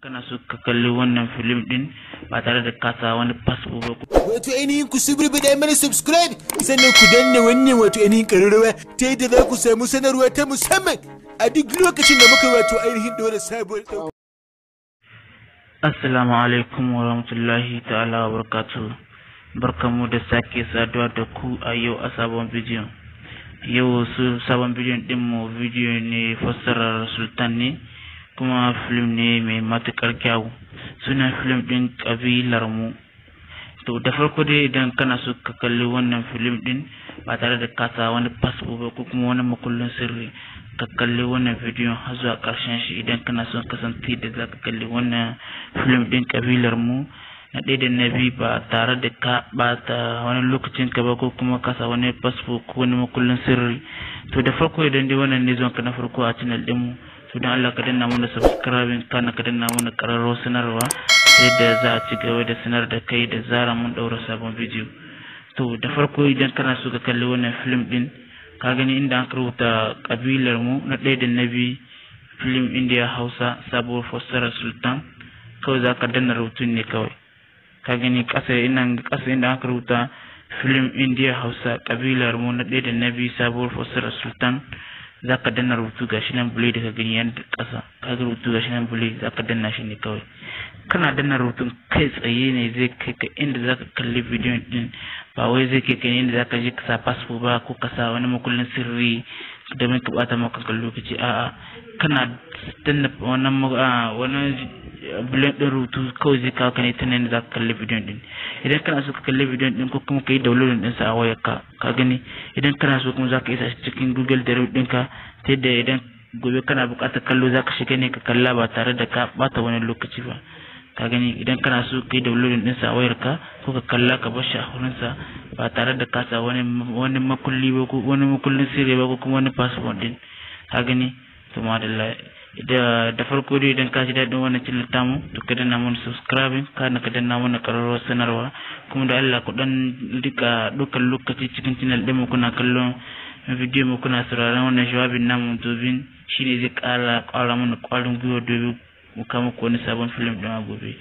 kana so ka kalli wannan film din ba tare da kasa wani fasfo ba wato ainihin ku subscribe da mana subscribe sannan ku danna wannan wato ainihin kararrawa ta yadda za ku samu sanarwa ta musamman a duk lokacin da muka wato ainihin dole sabuwar assalamu alaikum wa rahmatullahi ta'ala wa barakatuh barkamu da sake saduwa da ku a yau a sabon bidiyon yau su sabon bidiyon din mu bidiyo ne fassarar sultan ne kuma film ne mai matukar kyawu suna film din kabilar mu to da farko dai idan kana so ka kalli wannan film din ba tare da kasa wani fasfo ba ko kuma wani makullin sirri ka kalli wannan bidiyon har zuwa karshen shi idan kana son san da za ka kalli wannan film din kabilar mu na ɗaya da na biyu ba tare da ka ɓata wani lokacin ka ba ko kuma kasa wani fasfo ko wani makullin sirri to da farko idan dai wannan ne zuwa ka na farko a channel ɗinmu mu su don Allah ka danna mana subscribing kana ka danna mana ƙararrawar sanarwa yadda za a ci gaba da sanar da kai da zara mun ɗaura sabon bidiyo to da farko idan kana so ka kalli wannan film ɗin ka gani inda an rubuta ƙabilar mu na ɗaya da na biyu film india hausa sabuwar fassara sultan kawai za ka danna rubutun ne kawai ka gani ƙasa ina ƙasa inda aka rubuta film india hausa ƙabilar mu na ɗaya da na biyu sabuwar fassara sultan za ka danna rubutu ga shi nan bule daga gani yan ƙasa ka ga rubutu ga shi nan bule za ka danna shi ne kawai kana danna rubutun kai tsaye ne zai kai ka inda za ka kalli bidiyon din ba wai zai kai ka inda za ka je ka sa fasfo ba ko ka sa wani makullin sirri domin ka bata maka lokaci a'a kana danna wannan bulan ɗin rubutu kawai zai kawo ka ne ta nan za ka kalli bidiyon ɗin idan kana so ka kalli bidiyon ɗin ko kuma ka yi download din sa a waya ka gani idan kana so kuma za ka isa cikin google da din ka ta yadda idan gobe kana buƙatar kallo za ka shiga ne ka kalla ba tare da ka ɓata wani lokaci ba ka gani idan kana so ka yi downloading ɗinsa a wayarka ko ka kalla ka bar shi a sa ba tare da ka sa wani wani makulli ba ko wani makullin sirri ba ko kuma wani passport ɗin ka gani to madalla da da farko dai idan ka ji daɗin wannan cin tamu to ka danna mana subscribing kana ka danna mana ƙararrawar sanarwa kuma da Allah ku dan duka dukkan lokaci cikin cin ɗin mu kuna kallon bidiyo mu kuna sauraron wannan jawabin namu domin shine zai ƙara ƙara mana ƙwarin gwiwa domin mu kama ko wani sabon film ɗin a gobe